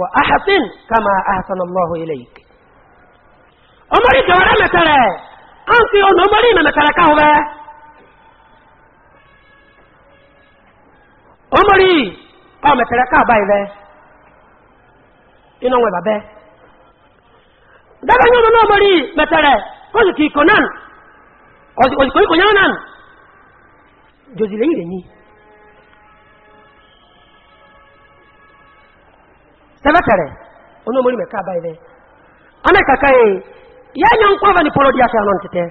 wa ahsin kama ahsana Allah ilayk omori gawara metare anti ono mori na metare ka hobe omori ka metare ka be ino we babe daga nyodo no mari metere kozi ki konan ozi ozi koi konyanan jozi lengi lengi sebetere ono mori meka bai be ana kakae ya nyam kwa bani polo dia kanon tete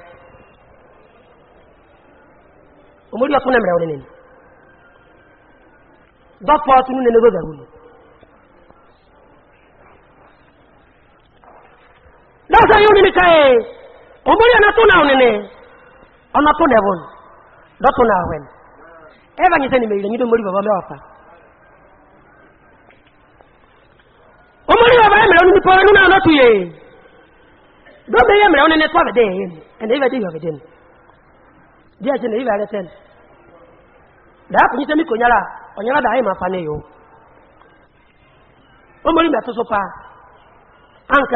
omori akuna mra onene dopo tunu ne nego zagulo dáhùn sẹ́yìn òní nìkan ẹ̀ òmùrí ẹ̀nà tó náà nìní ọ̀nà tó lẹ́wọ̀n dọ́tún náà wẹ̀ ẹ̀ bá yín sẹ́ni mèrè yín tó mórí bàbá mẹ́wàá pa. òmùrí bàbá yẹn mèrè onímọ̀ ẹnu náà lọ́tù yẹ dọ́bẹ̀ yẹn mèrè onímọ̀ ẹ̀kọ́ àbẹ̀dẹ̀ yẹn ẹ̀nà ìbẹ̀ dé yọ̀ ni díẹ̀ sí ni ìbẹ̀ rẹ̀ tẹ́lẹ̀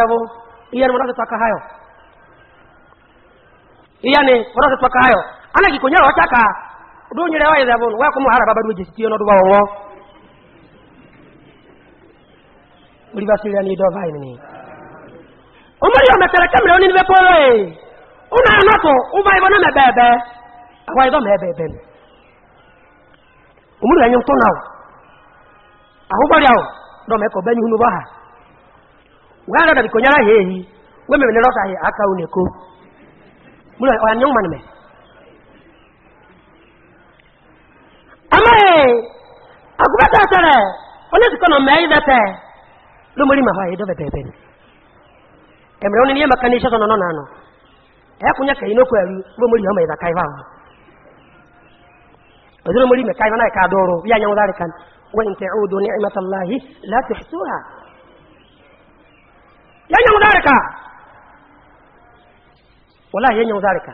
dàá kò ní iyani wanazotaka hayo iyani wanazotaka hayo anagi konyara wataka dunyire waye zabon wa ko muhara baba duje tiyo no duwa wo uri basira ni do vai ni umari ya metara kamera oni nibe polo e una anako ubai bona na bebe awa ido mebe bebe umuri ya nyonto nawo ahubari awo do meko benyu hunu baha wala da bikonyala hehi weme ne rosa he aka uneko mula o anyong manme amae akuba tatare ole tikono ya te lumuri mahwa edo bebebe emre oni niye makanisha tono na nano e kunya ka inoko eru lumuri homa ida kaiwa ozuru muri me kaiwa na ka doro ya nyawo dare kan wa in ta'udu ni'matallahi la yanyan zarika wala yanyan zarika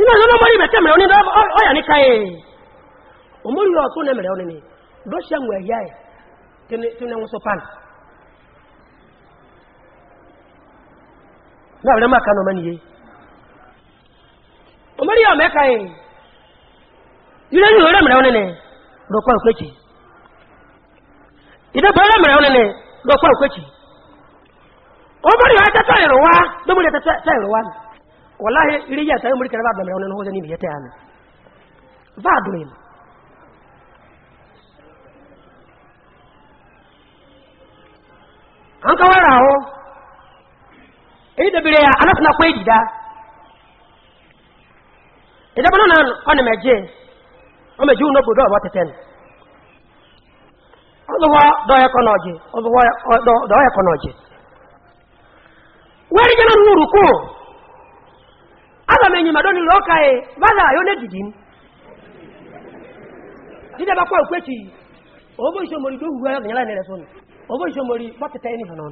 ina nuna mori bete mere oni da oya ni kai o mori o tun mere oni ni do se nwe ya e tene tene won pan na wala maka no mani ye o mori o me kai ire ni ore mere oni ni ro ko ko ti ide bere oni ni lọ́pọ̀ òkèkì ọmọdé wa tẹ́tọ́ ìrọ̀wá lọ́mọdé ya ìrọ̀wá mi wọ́lá ilé yẹ́ àtàrí na bá bẹ̀rẹ̀ ọ̀nà ọ̀sẹ̀ níbi yẹ́tẹ́ àmì vaadrin an kawai raho da bire ya alas na kwai gida idan bana nan kwanin meje meje unobodo ọdụwa dọyakọnọji ọdụwa dọyakọnọji wẹ́rí jẹ́ lọ́nà òrùkú agbàmẹ̀yìn màdọ́ nílò ọkà ẹ̀ bádà yóò lè dìdín dídẹ́ bá pọ̀ ìpẹ́tì owó ìṣòmòrì tó hùwẹ́ ọ̀gbìnyànlá ẹ̀rẹ̀ sọ́nù owó ìṣòmòrì bọ́tẹ̀tẹ̀ ẹni hànà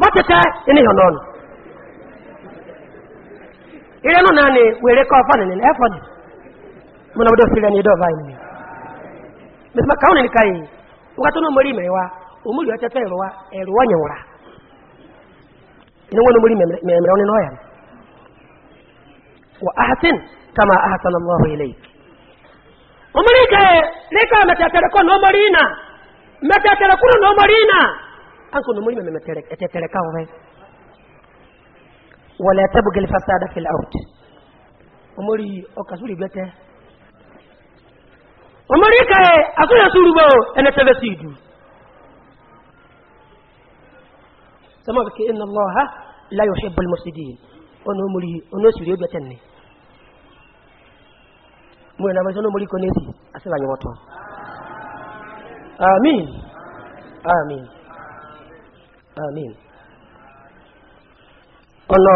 bọ́tẹ̀tẹ̀ ẹni hànà ìrẹ́nù náà ni wèrè kọ́ fọ́nìyàn ẹ̀fọ́nìyàn muna udofile ni dova ini mesema kaone nikai ukatono mulime wa umuli wa tetero wa eru wa nyora inongwe mulime memraone noya wa ahsin kama ahsana Allah ilayk umulike leka metetere ko no mulina metetere kuno no mulina anko no mulime metetere etetere kawe wala tabghi al fasada fil ard umuli okazuri bete omori kae akunya surugo ene tebe sidu sama ke inna allaha la yuhibbul mufsidin ono muri ono siri obi tenne mo na maso no muri ko nesi aseba nyo to amin amin amin ono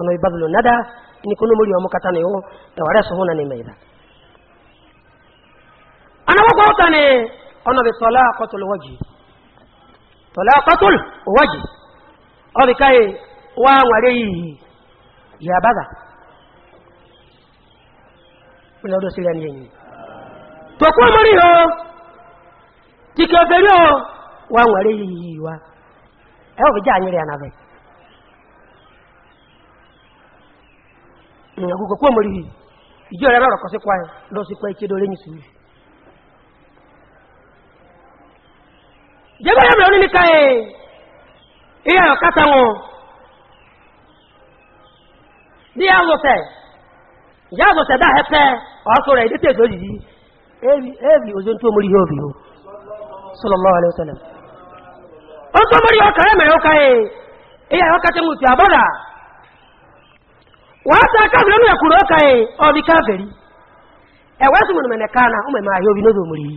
ono ibablo nada ni ọ̀nà gbogbo ọ̀tọ̀ ni ọ̀nà bí tọ́lá àkọ́tùl wọ́jì tọ́lá àkọ́tùl wọ́jì ọ̀bí káyè wá wàrẹ́ yìí yàbága ilẹ̀ ọdún sílẹ̀ ní ẹ̀yìn tòkú ọmọrí o ti kẹfẹ́rí o wá wàrẹ́ yìí wá ẹ ò fi jẹ́ àyẹ̀rẹ̀ ànàbẹ̀ ìyàgùkọ̀ kú ọmọrí yìí ìjọ rẹ̀ rọ̀rọ̀ kọ́ sí kwáyé lọ sí kwáyé kí dórí mi sí yìí jẹ́gbẹ́ yẹ́ bẹ̀rẹ̀ onímíkà ẹ̀ ìyá ọ̀kátà wọn bí i azọ̀tẹ̀ ìyá azọ̀tẹ̀ dá ẹ̀pẹ́ ọ̀ọ́sọ rẹ̀ ìdíkẹ̀ èdò yìí èèbì ojú tó mórí yóò bí o sọlọ́lọ́ alẹ́ ọ̀sẹ̀lẹ̀ o tó mórí ọkà rẹ̀ mẹ̀rẹ̀ ọkà ẹ̀ ìyá ọ̀kátà mú ti àbọ̀dà wọ́n ta káfìrí ọmọ ẹ̀kúrò ọkà ẹ̀ ọ̀bí káfìrí ẹ̀wẹ́sùn mọ̀nàmẹ̀nẹ̀ kánà ọmọ ẹ̀mà yóò bí yìí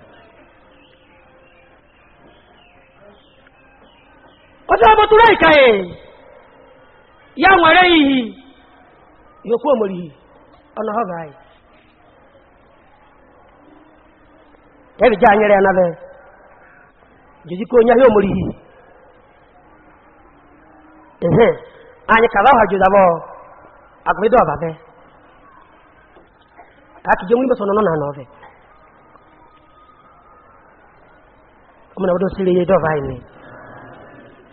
ọjọ́ ọmọ tó ráì ya nwere ihi yòókù ọ ọ̀nà ọ̀gá yìí ẹ̀rì jẹ́ anyẹrẹ anabẹ́ jìjì kó onye ahịa òmòrì ihi ehe anyị kaba ọha jụrụ abụọ agụbedo ọbabe ka akịje nwere nọ na nọve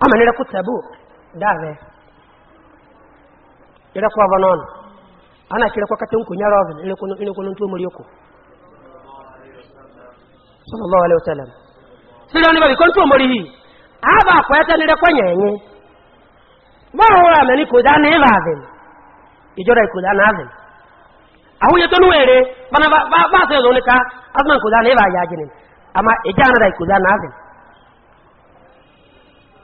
ama ni ku tabu dave ira kwa vanon ana kira kwa katun kunya rovin ile kunu ile kunu tu muriyoko sallallahu alaihi wasallam sira ni ba kon tu muri hi aba kwa ta ni ra nyenye na tonu ere bana ba ba se zo ni ka azman ko da ne ba ya ama ijana da ko da na vaven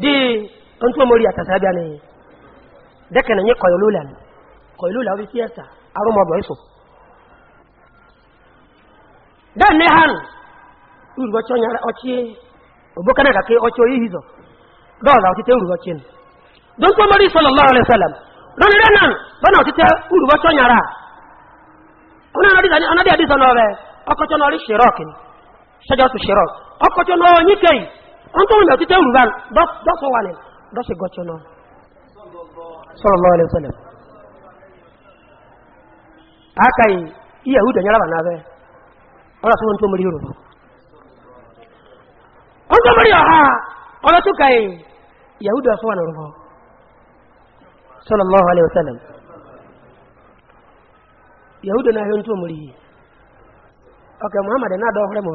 di ntụ mori atasa bịa n'ihi dịka na nye kọilula kọilula ọ bụ isi esa arụmọbọ iso dan ne han urugbo chọnyere ọchị e. obokana kake ọchị oyi hizọ dọọla ọtịte urugbo chin don ntụ mori sallallahu alaihi wasallam rọnere nan bana ọtịte urugbo chọnyere ona anadị anadị adịsọ n'ọbẹ ọkọchọ n'ọrị shirọkin shajọtụ shirọk ọkọchọ n'onyikei wọ́n tó wùlẹ̀ títẹ́ òrùbá dọ́sọ̀ wà lẹ̀ dọ́sẹ̀ gọ́tí ọ̀nà sọ̀rọ̀ lọ́wọ́ lè sọ̀lẹ̀ aka yi iya hudu nyara ba n'abẹ́ ọ̀rọ̀ tó wọ́n tó mọ̀rí yorùbá wọ́n tó mọ̀rí ọ̀há ọ̀rọ̀ tó ka yi iya hudu ọ̀sọ̀ wà n'orùbá sọ̀rọ̀ lọ́wọ́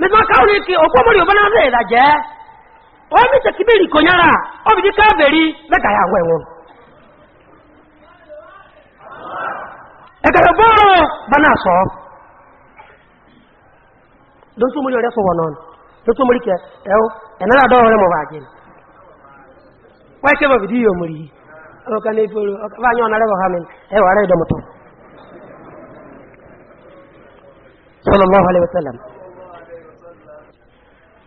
miss káwọn ní kí òkú ọmọdé òbá náà lẹ́yìn ìdájẹ́ wọ́n mi tẹ̀ kíbèrè kònyára ọbì ní káàbèrè mẹ́ta yà wẹ̀ wọn. ẹ̀kẹ́rẹ́ bọ́ọ̀rọ̀ bá náà sọ lóṣù mọ́rí ọ̀rẹ́ fọwọ́ náà lóṣù mọ́rí kẹ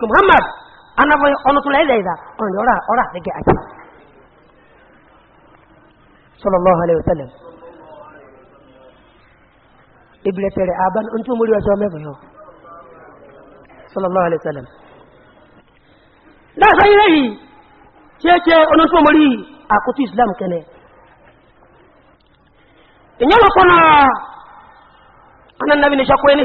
ọkọ muhammad anabọ ọnụtụla ịza ịza ora ora ọrụ adịghị achị sallallahu alaihi wasallam ibiletere aban ntụ mmiri ọsọ mebe ya sallallahu alaihi wasallam na-asa ihe yi cheche onye ntụ mmiri akụtụ islam kene ìyẹn lọ kọ́ náà ọ̀nà nàbí ní sọ́kọ́ ẹni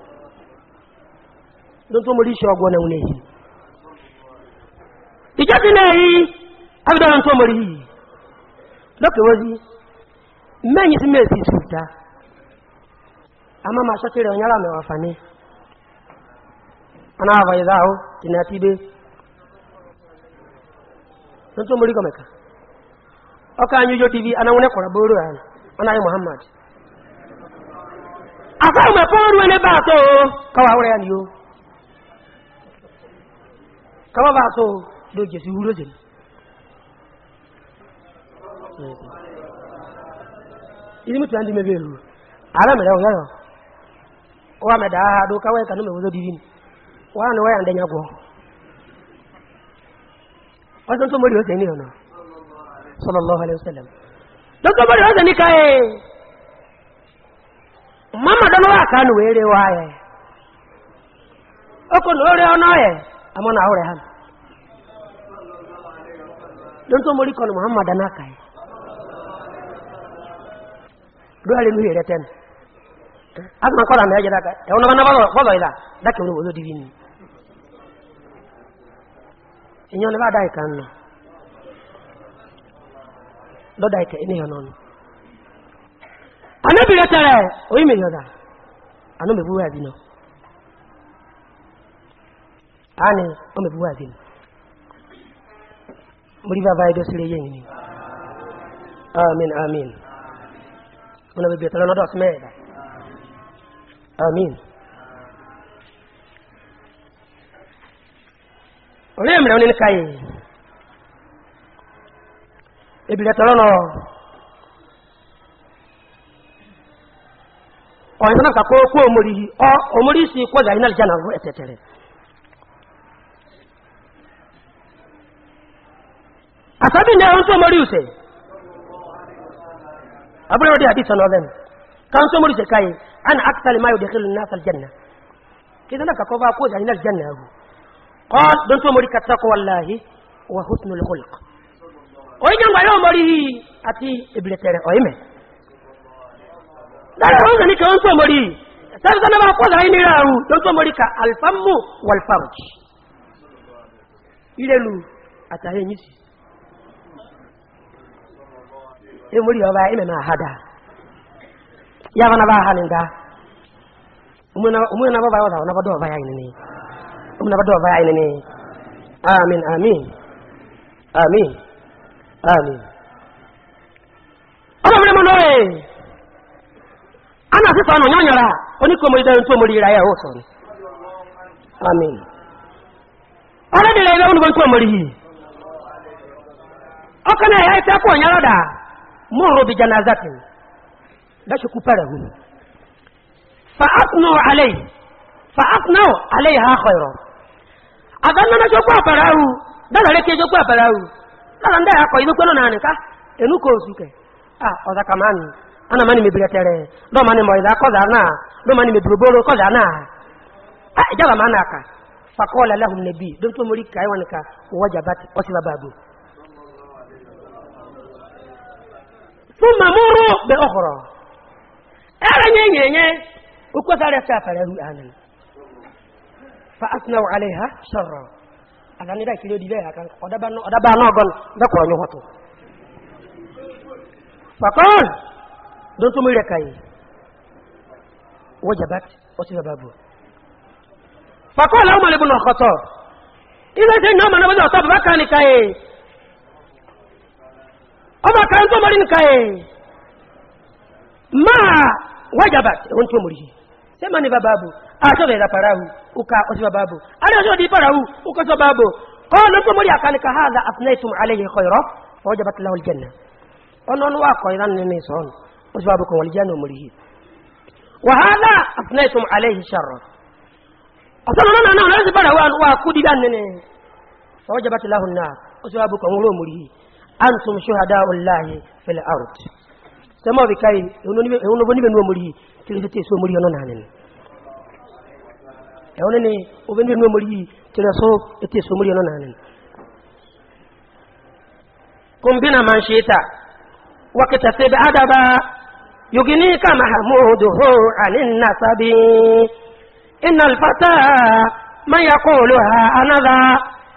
tó mọ̀ ríṣẹ́ ọgbọ̀n ẹ̀wọ̀n èyí ìjọ́ sí náà rí abidọ́rọ̀ tó mọ̀ rí yìí lọ́kẹ̀wọ́ sí mẹ́yìn sí mẹ́sì ìsúta a máa ma ṣọ́tí rẹ̀ ọ̀nyára mẹ́wàá fà ní ọ̀nà àbáyé dáhùn tìǹà tí bẹ́ tó tó mọ̀ rí kọ̀mẹ̀ka tv anáwọn bóró muhammad afẹ́ ẹni bá kọwàá wúrẹ́ ni yóò kama ba so do je su huro zin ini mutu andi me beru ala me dawo yayo wa me da do kawai e kanu me wozo divin wa no wa ande nyago wa so mori o se ni ona sallallahu alaihi wasallam do ko mori o se ni kai e. mama do no wa kanu were wa ye o no re ona ye amana aure han don to mori kono muhammad na kai do ale mi yere ten asma kola me jada kai e ona na balo balo ida da ke wo do divini inyo le ba dai kan no do dai ke ene yonon anabi le tare o mi yoda anu me buwa bi no ani wọn bẹbi wáàzì ni mo rí bàbá ẹjọ sílẹ yẹn ni amin amin mo náà bẹbi ẹtọ lọnà dọtí mẹẹdà amin. orí èmi rẹ ní ká ebi rẹ tọrọ náà ọ̀yìn tó náà kà kó kó omori ọ omori sì kọjá iná lè jẹ́ ẹ̀tẹ̀tẹ̀rẹ̀. asabi ne an so mori use abu ne wadi hadisa no then kan so mori se kai an aktal ma yudkhilu an-nas al-janna kidan ka ko ba ko jani al-janna hu qal don so mori ka taqwallahi wa husnul khulq o yan ba yo mori ati ibletere o ime dara on ni kan so mori sar sana ba ko jani ra hu don so mori ka al-famu wal farj ilelu atahe nyisi ile muri yoba ime na hada ya bana ba hanin da umuna umuna ba ba wa na ba do ba ya ne umuna ba do ba ya ne amin amin amin amin ọmọ mi mo lóye ana fi fa ọ̀nà da oníkòmò muri tó mórí ìráyà ó sọ̀rọ̀ amin ọlọ́dẹ̀rẹ̀ ẹgbẹ́ olùgbọ́n tó mórí yìí ọkọ̀ náà ẹ̀yà ìtẹ́kù ọ̀nyẹ́rọ̀dà mọ́rọ̀ bí janazatin lọ́ṣekú pẹ̀rẹ̀ hù fa'afnáwọ̀ alẹ́ ha kọ̀rọ̀ àgbẹ́lẹ́lẹ́ṣekú àpẹ̀rẹ̀ hù dáadáa kí ẹjọ́kú àpẹ̀rẹ̀ hù lára ń dáyà kọ̀ inú pẹ́lú náà nìká ẹnú kò sù kẹ̀ ọ̀dá kàmánì ana mani mebire tẹrẹ lọ́ọ̀mà ni mọ̀ìdá kọ́dà náà lọ́ọ̀mà ni mebiroboro kọ́dà náà ìjábà máa nà ká fakọ́ọ̀lá lẹ́hùn nẹ̀bí ثم مروا بأخرى أرني يني وكثر يسافر الآن فأثنوا عليها شرا أنا ندا كيلو دي لها كان أدبا أدبا نوغن ذكر نوهتو فقال دون تمركاي وجبت وسببه فقال عمر بن الخطاب إذا سيدنا عمر بن الخطاب بكاني كاي ọba kan tó mọ́rin kaẹ̀ máa wájàbà ẹ̀wọ́n tí ó mọ̀rí ṣe mọ́ ní bàbáàbò àṣọ́bẹ̀ ìdàpàráhù ọka ọsí bàbáàbò aláṣọ́ di bàráhù ọkọ̀ sọ bàbáàbò kọ́ọ̀lù tó mọ́rí àkálẹ̀kà hàzà àfúnẹ́tùm alẹ́yẹ kọ̀ọ̀rọ̀ fọ́jàbà tí láwọ̀lì jẹ́nà ọ̀nà wà kọ̀ọ̀rọ̀ nínú ìsọ̀n ọsí bàbáàbò kan wọ̀lì jẹ́nà mọ̀rí wàhálà àfúnẹ́tùm alẹ́yẹ sọ̀rọ̀ ọ̀sán ọ̀nà náà أنتم شهداء الله في الأرض سما بكاي يونو بني بنو مولي تلفتي سو مولي يونو نانين يونو ني او بنو مولي تلسو تي سو مولي يونو نانين كم بنا من وقت سيد أدبا يغنيك محموده عن النسب إن الفتى ما يقولها أنذا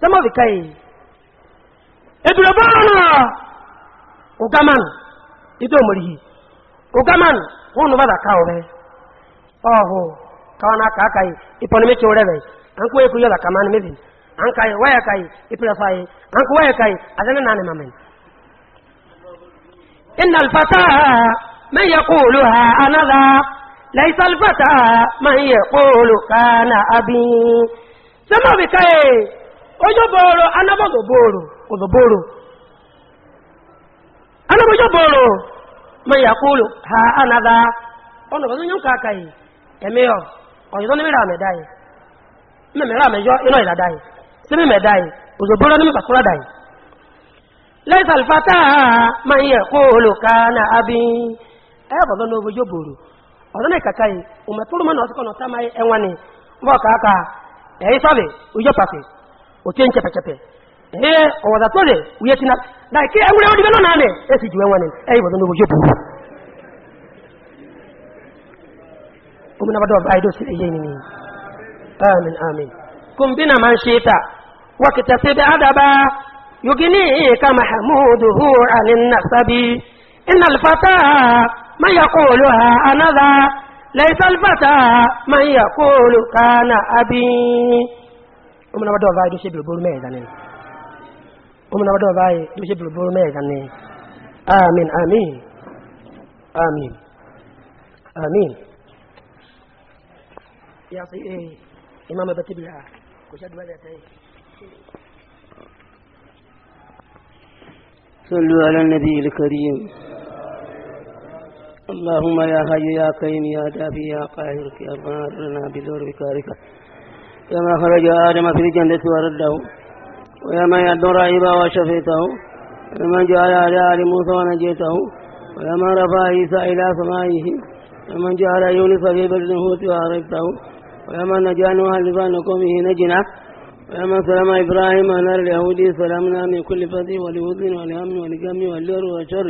sẹ́mọ̀ fi káyè ètùrẹ̀ bọ́ọ̀rọ̀ náà ọ̀gáman ìtò òmòrìhì ọ̀gáman wọn nù bàbá káwọ̀ rẹ̀ ọ̀hù káwọn náà káà káyè ìpọ̀nù méjì rẹ̀ rẹ̀ à ń kó ekú yọ̀lá kàmá ní méjì à ń káyè wáyà káyè ìpìlẹ̀ fàyè à ń náà ni màmẹ́ onye boro ozoboro anaba ma ya kulu ha anaga ọnà bàtà onye aka yìí ẹmí ọ ọyọdọ nímìrà mera yìí mmẹmẹrẹ àmẹjọ iná ìdàdá yìí ozoboro nímì bàkúrà dà yìí ma yẹ kulu kánà abi ẹ e, bàtà ní obojo boro ọdọ otie nkyɛpɛkyɛpɛ ɛɛ ɔwɔdatɔ de wiye tina dayi kí náà nẹ ẹ sì jùwẹ́ wọn ni ẹ yìí bọ̀ nínú ojú buru. omi nabadɔ yi do ka mahamudu hu umuna badova dushe bilubulu meza nini umuna badova dushe bilubulu meza nini amin amin amin amin ya si eh imam batibia kushadu wale tai صلوا على النبي الكريم اللهم يا حي يا قيم يا دافي يا قاهر يا قاهرنا بزور بكارك كما خرج آدم في الجنة ورده ويوم يد رائبا وشفيته ومن جعل على آل موسى ونجيته ويوم رفع عيسى إلى سمائه ومن جعل يونس في بدن هوت وأغرقته ويوم نجا نوح لفان قومه نجنا ويوم سلم إبراهيم على اليهودي سلمنا من كل فتي ولوز ولهم ولقم والجر والشر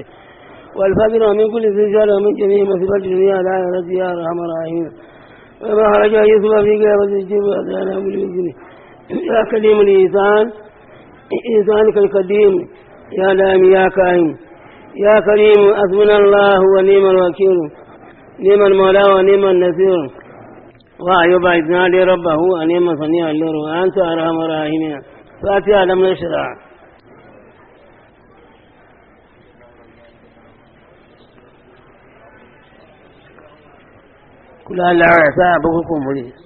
والفقر ومن كل زجر ومن جميع مصيبة الدنيا لا يرجى يا أرحم الراحمين فما حرج أن يثبى في قيامة الجمعة على أمر المسلمين يا كريم الإنسان إنسانك القديم يا دائم يا كائن يا كريم أثمن الله ونعم الوكيل نعم المولى ونعم النصير وأيوب إذ نادي ربه أن صنيع اللر وأنت أرحم الراحمين فأتي من الشرع kula lara sa abubuwan muri